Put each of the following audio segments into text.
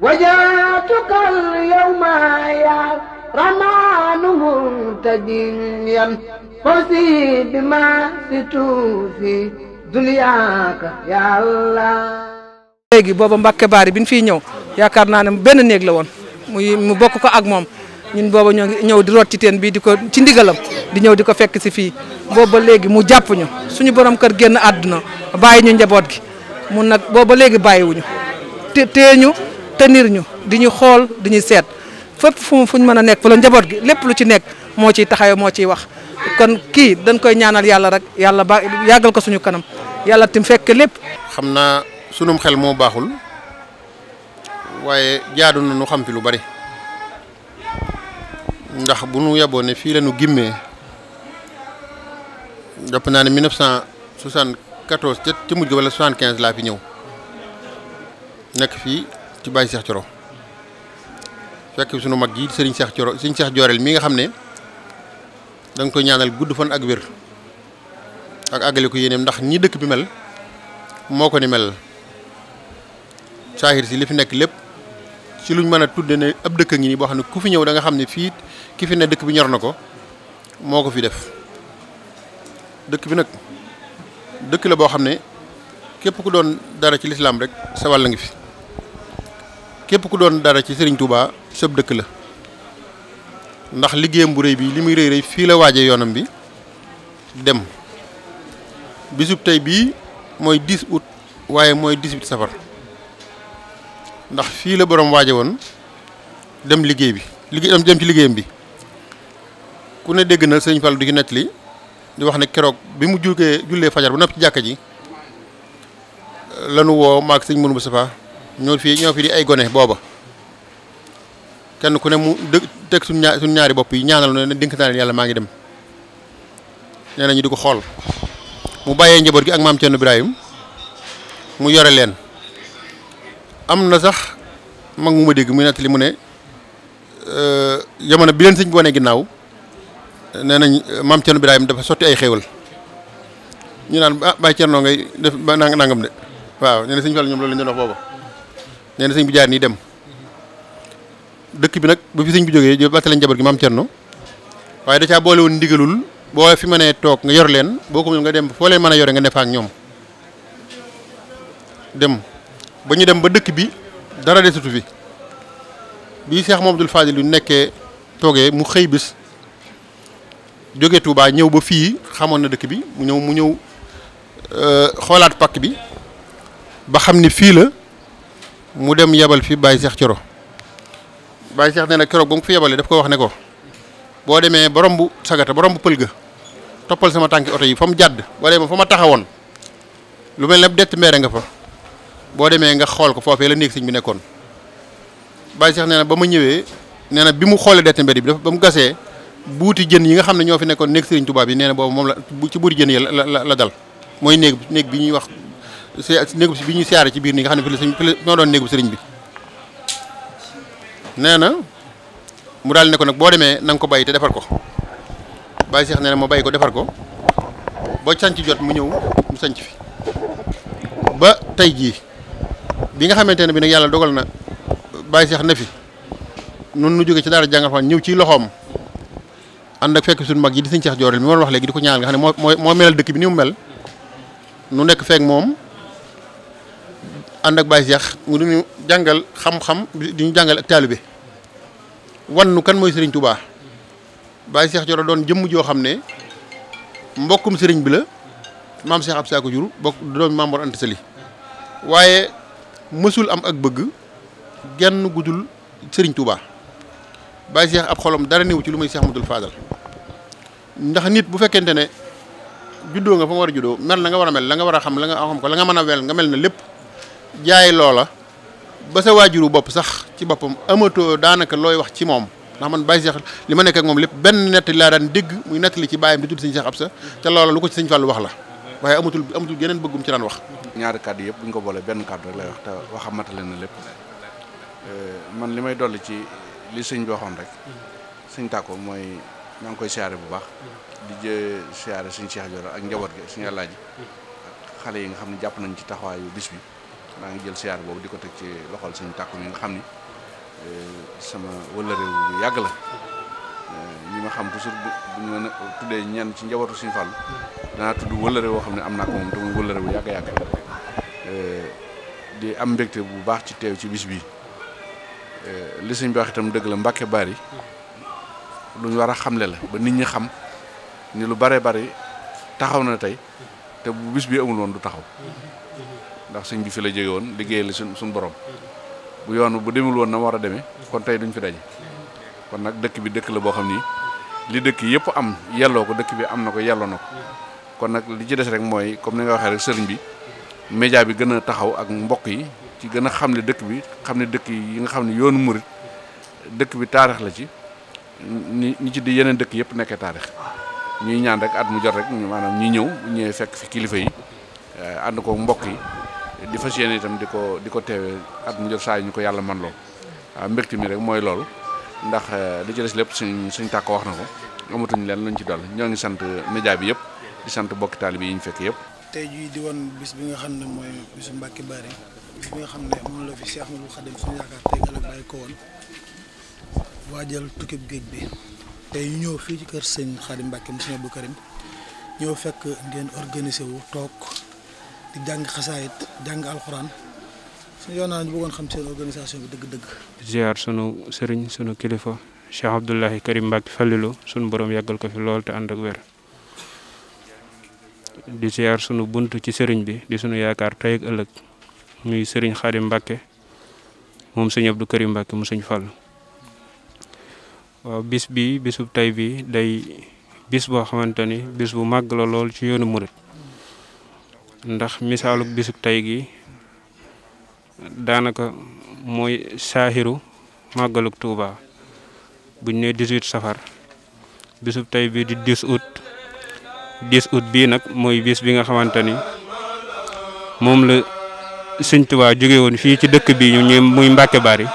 وجاتك اليوم يا رمان منتجيا فوزي بما ستوفي دنياك يا الله léegi booba Mbàkke Baari bi ñu fiy ñëw yaakaar naa ne benn néeg la woon muy mu bokk ko ak moom ñun booba ñoo ngi ñëw di root ci teen bii di ko ci di ñëw di ko fekk si fii booba léegi mu jàpp ñu suñu borom kër génn àdduna bàyyi njaboot gi mun nag booba léegi bàyyiwuñu te tenir ñu di ñu xool di ñu seet fépp fu fuñ mën a nekk fa njaboot gi lépp lu ci nekk moo ciy taxaw moo ciy wax kon kii dañ koy ñaanal yàlla rek yàlla yàggal ko suñu kanam yàlla tim fekk lépp. xam naa sunum xel moo baaxul waaye jaadu na nu xam fi lu bari ndax bu nu yeboo ne fii la ñu gimmee jàpp naa ne 1974 ca ca mujj wala 75 laa fi ñëw nekk fii. ci Baye seex Thioro fekk sunu mag yi Serigne Cheikh Thioro Serigne Cheikh Jooreel mi nga xam ne dañ koy ñaanal gudd fan ak wér ak àggale ko yéeneem ndax ñi dëkk bi mel moo ko ni mel saahir si li fi nekk lépp ci luñ mën a tudde ne ab dëkk ngi nii boo xam ne ku fi ñëw da nga xam ne fii ki fi ne dëkk bi ñor na ko moo ko fi def dëkk bi nag dëkk la boo xam ne képp ku doon dara ci lislaam rek sa wàll ngi fi képp ku doon dara ci Serigne Touba sëb dëkk la ndax liggéeyam bu rëy bi li muy rëy rëy fii la waaje yoonam bi dem bisub tey bii mooy 10 août waaye mooy 18 safar ndax fii la boroom waaje woon dem liggéey bi liggéey dem ci liggéeyam bi ku ne dégg na Serigne Fall du ci nett li di wax ne keroog bi mu jugee jullee fajar bu nopp ci jàkka ji lanu woo maag sëñ Mourou Moustapha ñoo fii ñoo fi di ay gone booba kenn ku ne mu dë teg suñ ñaari bopp yi ñaanal ne dénk naa leen yàlla maa ngi dem nee na ñu di ko xool mu bàyyee njaboot gi ak maam Thierno Ibrahim mu yore leen am na sax mag ma dégg muy nettali mu ne euh, jamono bi leen sëñ bi wane ginnaaw nee nañ maam Thierno Ibrahim dafa sotti ay xéewal ñu naan ah Baye Thierno ngay def ba nangam de waaw ñu ne sëñ Fall ñoom loolu la ñu doon booba. nee sañ sëñ jaar nii dem dëkk bi nag ba fi sëñ bi jógee jo battalañ jabar gi maam Cerno waaye da caa boole woon ndigalul boo fi mënee toog nga yor leen boo ko nga dem foo leen mën a yore nga ne fa ak ñoom dem ba ñu dem ba dëkk bi dara desatu fi bi Cheikh Mamadou Fadil yu nekkee toogee mu xëy bis jóge Touba ñëw ba fii xamoon na dëkk bi mu ñëw mu ñëw euh, xoolaat pakk bi ba xam ni fii la mu dem yebal fi Baye Cheikh Thioro Baye Cheikh nee na keroog ba mu fi yebalee daf ko wax ne ko boo demee borom bu sagata borom bu pël ga toppal sama tànki oto yi fa mu jàdd boo demee fa ma taxawoon lu mel ne dett mbeere nga fa boo demee nga xool ko foofee la néeg sëñ bi nekkoon Baye Cheikh nee na ba ma ñëwee nee na bi mu xoolee dett mbeere bi dafa ba mu gasee buuti jën yi nga xam ne ñoo fi nekkoon néeg sëriñ tubaab yi nee na moom la ci buuti jën yi la la la dal mooy néeg néeg bi ñuy wax néegu bi ñuy siyaare ci biir nii nga xam ne fii la ñoo doon néegu sëriñ bi nee na mu daal ne ko nag boo demee na ko bàyyi te defar ko bàyyi seex nee na ma bàyyi ko defar ko ba sanc jot mu ñëw mu sanc fi ba tey jii bi nga xamante ne bi nag yàlla dogal na bàyyi seex ne fi noonu nu jóge ci daara jàngal fan ñëw ci loxoom ànd ak fekk suñu mag yi di sëñ seex jooreel mi ma wax léegi di ko ñaanal nga xam ne moo moo melal dëkk bi ni mu mel nu ànd ak Baye seex mu duñu jàngal xam-xam di ñu jàngal ak taalibe wan nu kan mooy Serigne Touba Baye Cheikh Thioro doon jëmm joo xam ne mbokkum sëriñ bi la maam Cheikh Absa ko jur bokk doom Maam Mor Anta Sali waaye mësul am ak bëgg genn gudul sëriñ Touba Baye Cheikh ab xolam dara néew ci lu muy Cheikh Mudul Fadal ndax nit bu fekkente ne juddoo nga fa nga war a juddoo mel na nga war a mel la nga war a xam la nga xam ko la nga mën a wel nga mel na lépp. jaay loola ba sa waajuru bopp sax ci boppam amatoo daanaka looy wax ci moom ndax man Baye Cheikh li ma nekka moom lépp benn nettali laa daan dégg muy nettali ci bàyyam di tudd sëñ Cheikh Absa te loola lu ko ci sëñ Fallou wax la waaye amatul amatul geneen bëggum ci daan wax. ñaari kàddu yëpp bu ko boolee benn kàddu rek lay wax te waxa matale na lépp euh, man li may dolli ci li sëñ bi waxoon rek sëñ tàkko mooy maa ngi koy siyaare bu baax. di jë siyaare sëñ Cheikh Joro ak njaboot gi sëñ Alaaji ak xale yi nga xam ne jàpp nañ ci taxawaayu bis bi. maa ngi jël siyaar boobu di ko teg ci loxol sëñ tàkku mi nga xam ni eh, sama wëllëre bu yàgg la eh, ñi ma xam toujours bu tuddee ñenn ci njabootu suñu fàll danaa tudd wëllëre woo xam ne am naa ko moom te muy wëllëre bu yàgg yàgg eh, di am mbégte bu baax ci teew ci bis bi li suñ baax itam dëgg la Mbàkke Bari lu ñu war a xamle la ba nit ñi xam ni lu bare bari taxaw na tey te bu bis bi amul woon du taxaw ndax suñ bi fi la jóge woon liggéey la suñ suñu borom bu yoon bu demul woon na war a demee kon tey duñ fi daje kon nag dëkk bi dëkk la boo xam ni li dëkk yëpp am yelloo ko dëkk bi am na ko yelloo na kon nag li ci des rek mooy comme ni nga waxee rek sëriñ bi média bi gën a taxaw ak mbokk yi ci gën a xam ne dëkk bi xam ne dëkk yi nga xam ne yoonu murit dëkk bi taarix la ci ni ñi ci di yeneen dëkk yëpp nekkee ñuy ñaan rek at mu jot rek maanaam ñi ñëw ñëwee fekk fi kilifa yi eh, ànd kook mbokk yi di fas yéene itam di ko di ko teewee at mu saa yi ñu ko yàlla man loo ah, mbégte mi rek mooy lool ndax eh, li ci des lépp suñ suñ tàkk wax na ko amatuñ leen lañu ci dal ñoo ngi sant média bi yëpp di sant bokki taalibe yi ñu fekk yëpp. tey jii di bis bi nga xam ne mooy bisu Mbacke Bari bis bi nga xam ne moom la fi Cheikh Ahmadou Khadim suñu yaakaar tey nga ko woon waajal tukkib géej bi tey ñëw fii ci kër sëñ Khadim Mbacke mu sëñ Abdou ñëw fekk ngeen organisé wu toog. di jàng xasaayit jàng alxuraan su yoon naa ñu bëggoon xam seen organisation bi dëgg-dëgg. ziar sunu sëriñ sunu kilifa Cheikh Abdoulahi Karim Mbacke Fallilu sunu boroom yàggal ko fi lool te ànd ak wér. di ziar sunu bunt ci sëriñ bi di sunu yaakaar tey ak ëllëg muy sëriñ Xaadim Mbacke moom sëñ Abdou Karim Mbacke mu sëñ Fall. waaw bis bi bisub tey bii day bis boo xamante ni bis bu màgg la lool ci yoonu murit ndax misaaluk bisub tey gi daanaka mooy saaxiru màggaluk Touba buñ ne 18 safar bisub tey bii di 10 août 10 août bii nag mooy bis bi nga xamante ni moom la siñ Touba jóge woon fii ci dëkk bi ñu muy Mbàkke Bari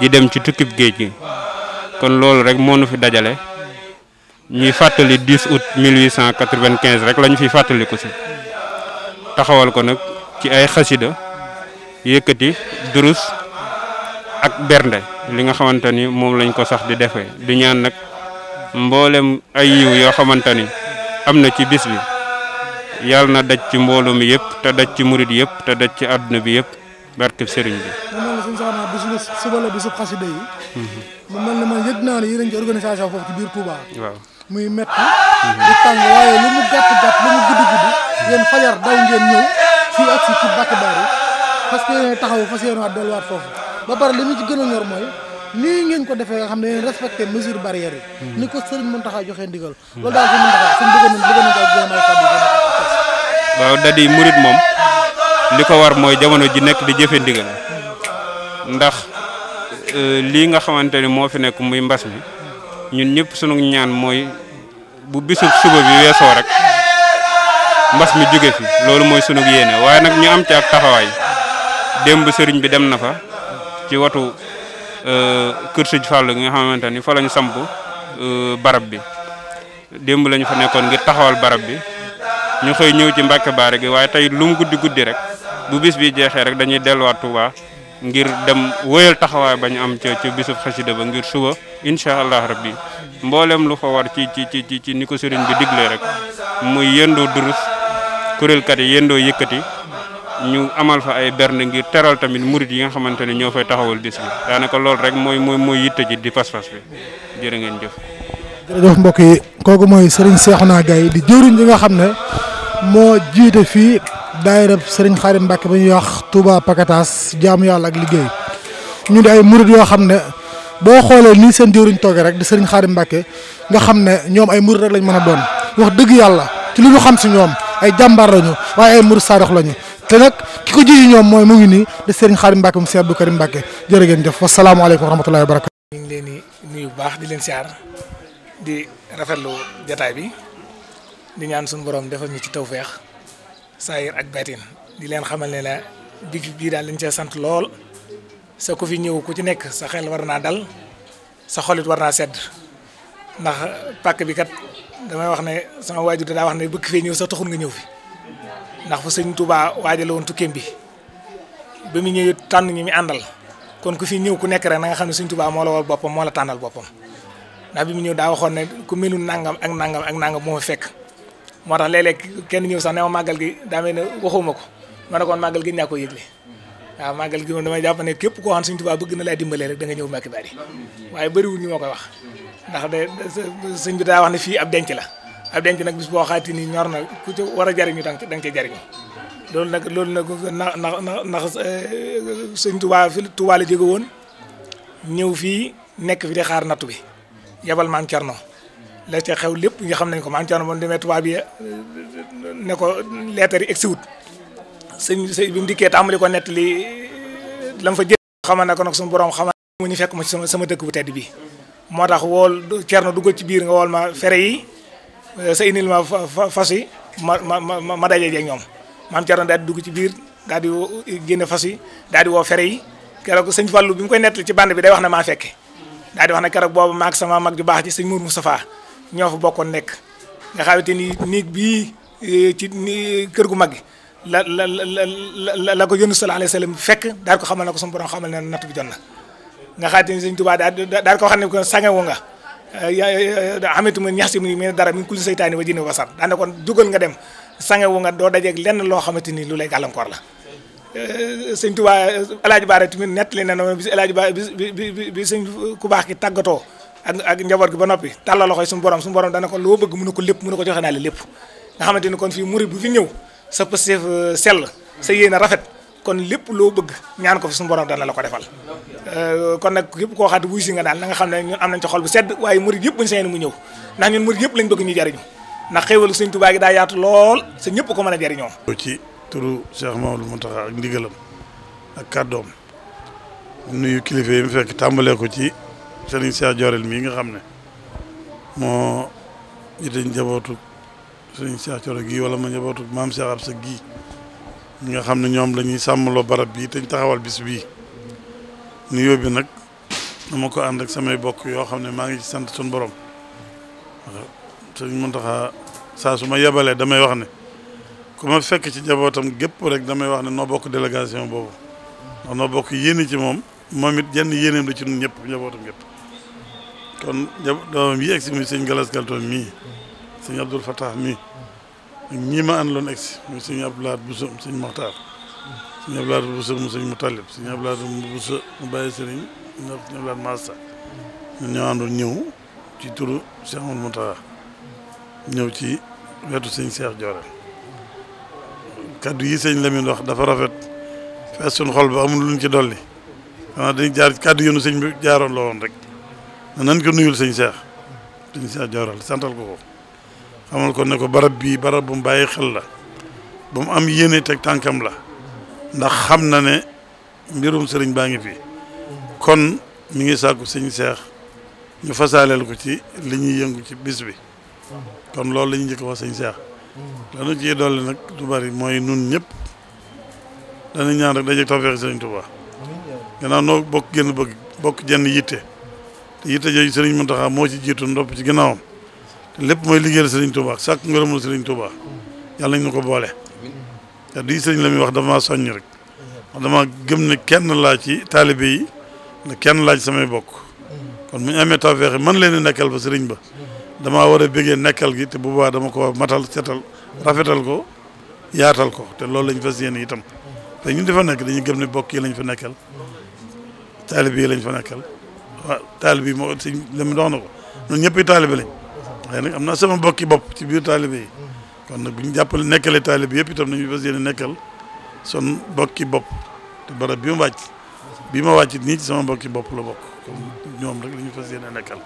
di dem ci tukkib géej gi kon loolu rek moo nu fi dajale ñuy fàttali 10 août 1895 rek la ñu fi ko si. taxawal ko nag ci ay xasida yëkkati durus ak bernde li nga xamante ni moom lañ ko sax di defe di ñaan nag mboolem ay yiw yoo xamante ni am na ci bis bi yàlla na daj ci mbooloo mi yëpp te daj ci murit yëpp te daj ci àdduna bi yëpp barkeb sëriñ bi. mu mel ne yi. mu mel ne man yëg naa ne yéen ci organisation foofu ci biir Touba. muy métti. di tàng waaye lu mu gàtt fajar daw ngeen ñëw fii ak si ci Mbacke Bari parce que yéen taxaw fas yéene waat delluwaat foofu ba pare li mu ci gën a ñor mooy nii ngeen ko defee nga xam ne respecté mesure barrière yi hmm. ni ko Serigne Mountakha joxee ndigal loolu daal waaw da di moom li ko war mooy jamono ji nekk di jëfe ndigal ndax euh, lii nga xamante ni moo fi nekk muy mbas mi ñun ñëpp sunu ñaan mooy bu bisu suba bi weesoo rek mbas mi juge fi loolu mooy sunu yéene waaye nag ñu am ci ak taxawaay démb sëriñ bi dem na fa ci watu euh, kër sëñ Fall gi nga xamante ni fa lañu samp euh, barab bi démb lañu fa nekkoon ngir taxawal barab bi ñu xëy ñëw ci Mbàkke baare gi waaye tey lu mu guddi guddi rek bu bis bi jeexee rek dañuy delluwaat Touba ngir dem wóyal taxawaay ba ñu am ca ca bisub xasida ba ngir suba incha allah rabbi mbooleem lu fa war ci ci ci ci ni ko sëriñ bi digle rek muy yëndoo durus kuréelkat yi yendoo yëkkati ñu amal fa ay berne ngir teral tamit murit yi nga xamante ne ñoo fay taxawal bis bi daanaka loolu rek mooy mooy mooy yitte ji di fas-fas bi jërë ngeen jëf. mbokk yi kooku mooy Serigne naa Gaye di jëruñ ji nga xam ne moo jiite fii daayira sëriñ Xaadim Mbàkke ba ñuy wax Touba Pakatas jaamu yàlla ak liggéey ñu di ay murit yoo xam ne boo xoolee nii seen jëwriñ toogee rek di Serigne Xaadim Mbàkke nga xam ne ñoom ay murit rek lañ mën a doon wax dëgg yàlla ci li ay jàmbaar lañu waaye ay mur sarax lañu te nag ki ko jiitu ñoom mooy mu ngi nii de Serigne Khadim Mbacke mu Serigne Abdou Karim Mbacke jërë ngeen jëf wasalaamualeykum wa rahmatullahi wa barakatu. ñu ngi leen di nuyu bu baax di leen siyaar di rafetlu jataay bi di ñaan suñu borom defal ñu ci tawféex saayir ak batin di leen xamal ne la bii daal dañ cee sant lool sa ku fi ñëw ku ci nekk sa xel war naa dal sa xolit war naa sedd. ndax pakk bi kat damay wax ne sama waajur daa wax ne bëgg fee ñëw sax taxul nga ñëw fi ndax fa sëñ Touba waajal woon tukkeem bi ba mu ñëwee tànn ñu mi àndal kon ku fi ñëw ku nekk rek na nga xam ne sëñ Touba moo la wal boppam moo la tànnal boppam ndax bi mu ñëw daa waxoon ne ku nangam ak nangam ak nangam moo fa moo tax léeg-léeg kenn ñëw sax ne ma màggal gi daa mel ne waxuma ko ma ne kon màggal gi ñaa ko yëgle waaw màggal gi moom jàpp ne képp koo xam bëgg na laa dimbalee rek da nga ñëw Mbacke Bari waaye bëriwul ñu ma ko wax ndax de sëñ bi daa wax ne fii ab denc la ab denc nag bis boo xaati ni ñor na ku ci war a jariñu da nga ci jariñu loolu nag loolu nag na na ndax eh, sëñ Tuubaa fi Tuubaa la jóge woon ñëw fii nekk fi di xaar nattu bi yabal maam Cerno la ca xew lépp nga xam nañ ko maam Cerno moom demee Tuubaa bi ne ko leetar yi egsiwut sëñ sëñ bi mu dikkee tàmbali ko nett li eh, lam fa jël xamal na ko nag suñu borom xamal mu ñu fekk ma ci sama sama dëkk bu tedd bii moo tax wool cerno duggal ci biir nga wool ma fere yi euh, sa indil ma fas yi ma ma ma ma daje jeeg ñoom maam cerno daal di dugg ci biir daal di génne fas yi daal di woo fere yi keroog sëñ Fallou bi mu koy nettali ci bande bi day wax na maa fekke daal di wax ne boobu maag sama mag ju baax ji sëñ Mour Moustapha ñoo fa bokkoon nekk nga xamante ni néeg bii euh, ci kër gu mag gi la la la la ko yónni sallallahu alayhi wa sallam fekk daal ko xamal na ko sama borom xamal ne natt bi jot na nga xaati ni sëñ Tuubaa daal ko xam ne kon sangewu nga euh, xamitu mu ñax si mu ne dara mi ngi kulli seytaani wa jinni wa basar daane kon jugal nga dem sangewu nga doo dajeeg lenn loo xamante ni lu lay gàllankoor la euh, sëñ Tuubaa alaaji Baara tamit nettali na noonu bis alaaji Baara bis bi bi sëñ ku baax ki tàggatoo ak ak njaboot gi ba noppi tàllal loxoy suñu borom suñu borom dana ko loo bëgg mun na ko lépp mun na ko joxe naa la lépp nga xamante kon fii murid bu fi ñëw sa pësteef euh, sell sa yéene rafet kon lépp loo bëgg ñaan ko fi suñu borom dana la ko defal euh, kon nag képp koo xam ne wuy si nga daal na nga xam ne ñun am nañ ci xol bu sedd waaye murid yëpp buñu seen mu ñëw ndax ñun murid yëpp lañ bëgg ñu jariñu ndax xéewalu Sëñ Tuubaa gi daa yaatu lool sa ñëpp ko mën a jariñoo ci turu Cheikh Mamadou Mountakha ak ndigalam ak kàddoom nuyu kilifa yi mu fekk tàmbalee ko ci Serigne Cheikh Jorel mii nga xam ne moo jite njabootu Serigne Cheikh Coro gi wala ma njabootu Maam Cheikh Absa gi ñi nga xam ne ñoom lañuy ñuy sàmmaloo barab bii te ñu taxawal bis bii nuyoo bi nag dama ko ànd ak samay bokk yoo xam ne maa ngi ci sant suñu borom waaw sëñ Muntaxa saa su ma yebalee damay wax ne ku ma fekk ci jabootam gépp rek damay wax ne noo bokk délégation boobu ndax noo bokk yéene ci moom moom it jenn yéeneem la ci ñun ñëpp jabootam gépp kon doomam yi egsi muy sëñ Galas Kaltoon mii sëñ Abdul Fatah mii ak ñii ma àndaloon egg si muy sëñ Abdoulaye Bousso sëñ Mokhtar sëñ Abdoulaye Bousso mu sëñ Moutalib sëñ Abdoulaye Bousso mu bàyyi sëriñ sëñ Abdoulaye Massa ñun ñoo ñëw ci turu Cheikh Amadou Moutara ñëw ci wetu sëñ Cheikh Joore kaddu yi sëñ Lamine wax dafa rafet fees xol ba amul luñ ci dolli xanaa dañ jaar kaddu yoonu sëñ bi jaaroon la ko nuyul sëñ Cheikh sëñ Cheikh Joore santal ko ko. xamal ko ne ko barab bii barab bu mu bàyyi xel la bu mu am yéene teg tànkam la ndax xam na ne mbirum sëriñ baa ngi fi kon mu ngi sàkku sëñ seex ñu fasaaleel ko ci li ñuy yëngu ci bis bi kon loolu la ñu njëkk wax sëñ seex lanu ci dolli nag du bari mooy nun ñëpp dana ñaan rek dajeeg tawfeex sëriñ Touba gannaaw noo bokk génn bëgg bokk jenn yitte te yitte jooju sëriñ Mountakha moo ci jiitu ndopp ci ginnaawam lépp mooy liggéeyal Serigne Touba sàkk ngërëmul Serigne Touba yàlla nañu ko boole. te di Serigne la muy wax dama soññ rek wax dama kenn laa ci taalibe yi ne kenn laa ci bokk kon mu ñu amee man leen nekkal ba Serigne ba damaa war a bëggee nekkal gi te bu boobaa dama ko matal setal rafetal ko yaatal ko te loolu lañ fas yéene itam te ñun dafa nekk dañuy gëm ne bokk yi lañ fa nekkal taalibe yi lañ fa nekkal waaw taalibe yi moo si li dox na ko ñun ñëpp ay lañ. waaye nag am naa sama mbokki bopp ci biir taalibe yi kon nag bi ñu jàppale nekkalee taalibe yëpp itam nañu fas yéene nekkal son mbokki bopp te barab bi mu wàcc bi ma wàcc nii sama mbokki bopp la bokk kon ñoom rek la ñu fas yéene nekkal